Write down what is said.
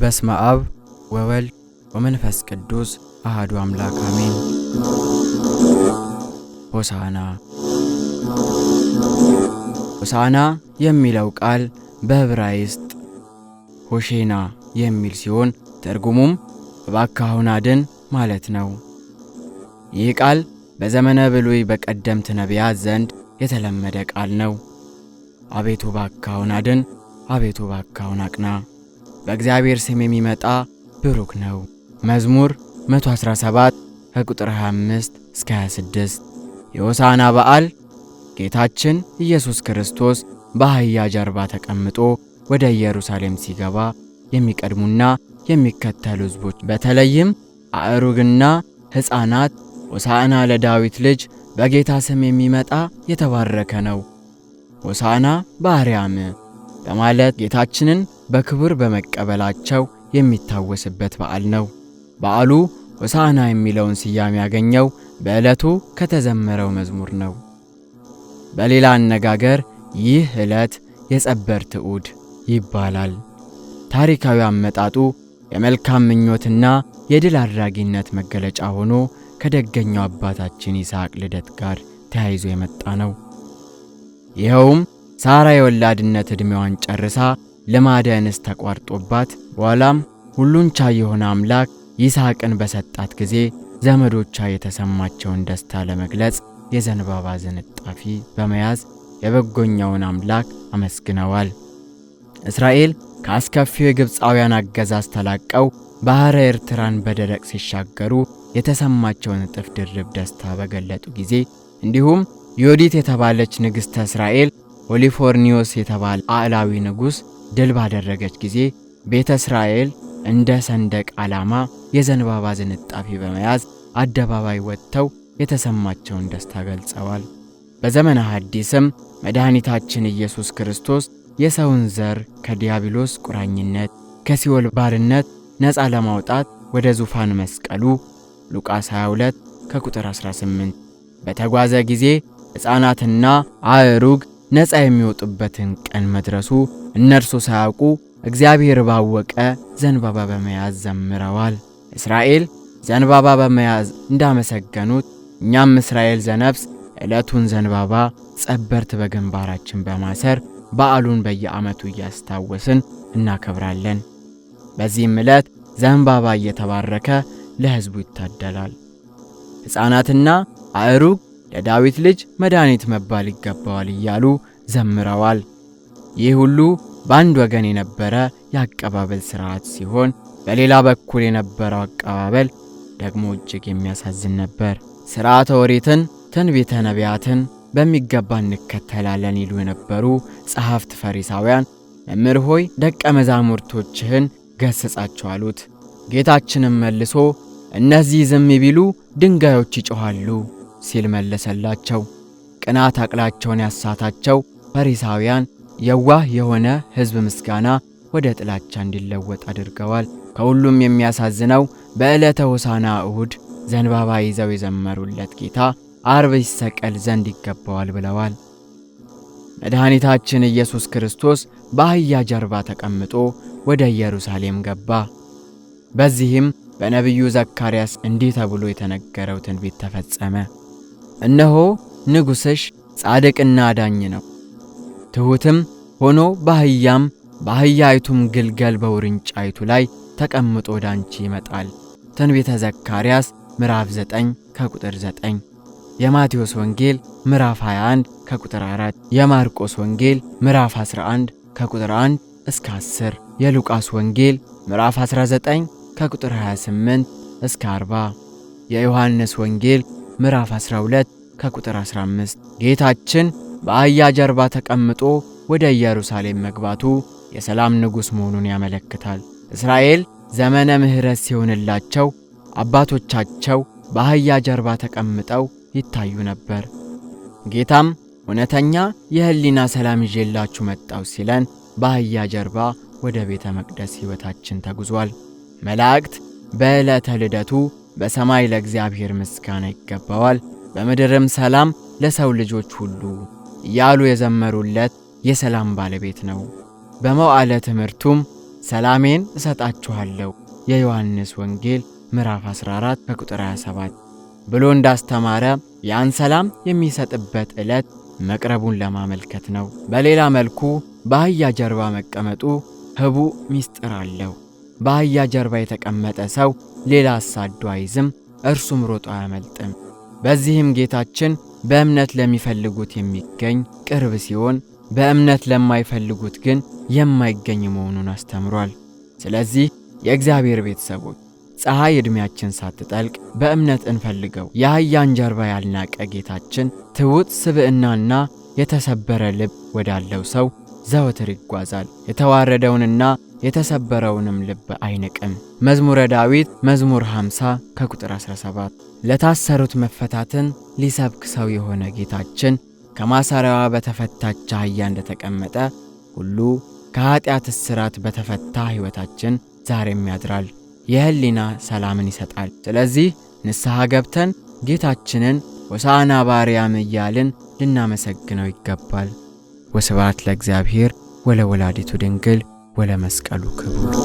በስመ አብ ወወልድ ወመንፈስ ቅዱስ አሃዱ አምላክ አሜን። ሆሳና ሆሳና የሚለው ቃል በዕብራይስጥ ሆሼና የሚል ሲሆን ትርጉሙም እባክህ አሁን አድን ማለት ነው። ይህ ቃል በዘመነ ብሉይ በቀደምት ነቢያት ዘንድ የተለመደ ቃል ነው። አቤቱ እባክህ አሁን አድን፣ አቤቱ እባክህ አሁን አቅና በእግዚአብሔር ስም የሚመጣ ብሩክ ነው። መዝሙር 117 ከቁጥር 25 እስከ 26 የሆሳዕና በዓል ጌታችን ኢየሱስ ክርስቶስ በአህያ ጀርባ ተቀምጦ ወደ ኢየሩሳሌም ሲገባ የሚቀድሙና የሚከተሉ ሕዝቦች በተለይም አእሩግና ሕፃናት ሆሳዕና ለዳዊት ልጅ በጌታ ስም የሚመጣ የተባረከ ነው፣ ሆሳዕና በአርያም በማለት ጌታችንን በክብር በመቀበላቸው የሚታወስበት በዓል ነው። በዓሉ ሆሳዕና የሚለውን ስያሜ ያገኘው በዕለቱ ከተዘመረው መዝሙር ነው። በሌላ አነጋገር ይህ ዕለት የጸበር ትዑድ ይባላል። ታሪካዊ አመጣጡ የመልካም ምኞትና የድል አድራጊነት መገለጫ ሆኖ ከደገኛው አባታችን ይስሐቅ ልደት ጋር ተያይዞ የመጣ ነው። ይኸውም ሳራ የወላድነት ዕድሜዋን ጨርሳ ልማደ እንስት ተቋርጦባት በኋላም ሁሉን ቻይ የሆነ አምላክ ይስሐቅን በሰጣት ጊዜ ዘመዶቿ የተሰማቸውን ደስታ ለመግለጽ የዘንባባ ዝንጣፊ በመያዝ የበጎኛውን አምላክ አመስግነዋል። እስራኤል ከአስከፊው የግብፃውያን አገዛዝ ተላቀው ባሕረ ኤርትራን በደረቅ ሲሻገሩ የተሰማቸውን እጥፍ ድርብ ደስታ በገለጡ ጊዜ እንዲሁም ዮዲት የተባለች ንግሥተ እስራኤል ኦሊፎርኒዮስ የተባለ አዕላዊ ንጉሥ ድል ባደረገች ጊዜ ቤተ እስራኤል እንደ ሰንደቅ ዓላማ የዘንባባ ዝንጣፊ በመያዝ አደባባይ ወጥተው የተሰማቸውን ደስታ ገልጸዋል። በዘመነ ሐዲስም መድኃኒታችን ኢየሱስ ክርስቶስ የሰውን ዘር ከዲያብሎስ ቁራኝነት ከሲኦል ባርነት ነፃ ለማውጣት ወደ ዙፋን መስቀሉ ሉቃስ 22 ከቁጥር 18 በተጓዘ ጊዜ ሕፃናትና አእሩግ ነፃ የሚወጡበትን ቀን መድረሱ እነርሱ ሳያውቁ እግዚአብሔር ባወቀ ዘንባባ በመያዝ ዘምረዋል። እስራኤል ዘንባባ በመያዝ እንዳመሰገኑት እኛም እስራኤል ዘነፍስ ዕለቱን ዘንባባ ጸበርት በግንባራችን በማሰር በዓሉን በየዓመቱ እያስታወስን እናከብራለን። በዚህም ዕለት ዘንባባ እየተባረከ ለሕዝቡ ይታደላል። ሕፃናትና አእሩግ ለዳዊት ልጅ መድኃኒት መባል ይገባዋል እያሉ ዘምረዋል። ይህ ሁሉ በአንድ ወገን የነበረ የአቀባበል ሥርዓት ሲሆን፣ በሌላ በኩል የነበረው አቀባበል ደግሞ እጅግ የሚያሳዝን ነበር። ሥርዓተ ኦሪትን፣ ትንቢተ ነቢያትን በሚገባ እንከተላለን ይሉ የነበሩ ጸሐፍት ፈሪሳውያን መምህር ሆይ ደቀ መዛሙርቶችህን ገሥጻቸው አሉት። ጌታችንም መልሶ እነዚህ ዝም ቢሉ ድንጋዮች ይጮኋሉ ሲል መለሰላቸው። ቅናት አቅላቸውን ያሳታቸው ፈሪሳውያን የዋህ የሆነ ሕዝብ ምስጋና ወደ ጥላቻ እንዲለወጥ አድርገዋል። ከሁሉም የሚያሳዝነው በዕለተ ሆሳና እሁድ ዘንባባ ይዘው የዘመሩለት ጌታ አርብ ይሰቀል ዘንድ ይገባዋል ብለዋል። መድኃኒታችን ኢየሱስ ክርስቶስ በአህያ ጀርባ ተቀምጦ ወደ ኢየሩሳሌም ገባ። በዚህም በነቢዩ ዘካርያስ እንዲህ ተብሎ የተነገረው ትንቢት ተፈጸመ። እነሆ ንጉሥሽ ጻድቅና ዳኝ ነው፣ ትሑትም ሆኖ በአህያም በአህያይቱም ግልገል በውርንጫይቱ ላይ ተቀምጦ ዳንቺ ይመጣል። ትንቢተ ዘካርያስ ምዕራፍ 9 ከቁጥር 9 የማቴዎስ ወንጌል ምዕራፍ 21 ከቁጥር 4 የማርቆስ ወንጌል ምዕራፍ 11 ከቁጥር 1 እስከ 10 የሉቃስ ወንጌል ምዕራፍ 19 ከቁጥር 28 እስከ 40 የዮሐንስ ወንጌል ምዕራፍ 12 ከቁጥር 15 ጌታችን በአህያ ጀርባ ተቀምጦ ወደ ኢየሩሳሌም መግባቱ የሰላም ንጉሥ መሆኑን ያመለክታል። እስራኤል ዘመነ ምሕረት ሲሆንላቸው አባቶቻቸው በአህያ ጀርባ ተቀምጠው ይታዩ ነበር። ጌታም እውነተኛ የህሊና ሰላም ይዤላችሁ መጣው ሲለን በአህያ ጀርባ ወደ ቤተ መቅደስ ሕይወታችን ተጉዟል። መላእክት በዕለተ ልደቱ በሰማይ ለእግዚአብሔር ምስጋና ይገባዋል። በምድርም ሰላም ለሰው ልጆች ሁሉ እያሉ የዘመሩለት የሰላም ባለቤት ነው። በመዋዕለ ትምህርቱም ሰላሜን እሰጣችኋለሁ የዮሐንስ ወንጌል ምዕራፍ 14 ከቁጥር 27 ብሎ እንዳስተማረ ያን ሰላም የሚሰጥበት ዕለት መቅረቡን ለማመልከት ነው። በሌላ መልኩ በአህያ ጀርባ መቀመጡ ህቡ ምስጢር አለው። በአህያ ጀርባ የተቀመጠ ሰው ሌላ አሳዱ አይዝም፣ እርሱም ሮጦ አያመልጥም። በዚህም ጌታችን በእምነት ለሚፈልጉት የሚገኝ ቅርብ ሲሆን በእምነት ለማይፈልጉት ግን የማይገኝ መሆኑን አስተምሯል። ስለዚህ የእግዚአብሔር ቤተሰቦች ፀሐይ ዕድሜያችን ሳትጠልቅ በእምነት እንፈልገው። የአህያን ጀርባ ያልናቀ ጌታችን ትውጥ ስብዕናና የተሰበረ ልብ ወዳለው ሰው ዘወትር ይጓዛል። የተዋረደውንና የተሰበረውንም ልብ አይንቅም። መዝሙረ ዳዊት መዝሙር 50 ከቁጥር 17 ለታሰሩት መፈታትን ሊሰብክ ሰው የሆነ ጌታችን ከማሰሪያዋ በተፈታች አህያ እንደተቀመጠ ሁሉ ከኀጢአት እስራት በተፈታ ሕይወታችን ዛሬም ያድራል፣ የህሊና ሰላምን ይሰጣል። ስለዚህ ንስሐ ገብተን ጌታችንን ሆሳዕና በአርያም እያልን ልናመሰግነው ይገባል። ወስብሐት ለእግዚአብሔር ወለወላዲቱ ድንግል ወለመስቀሉ ክቡር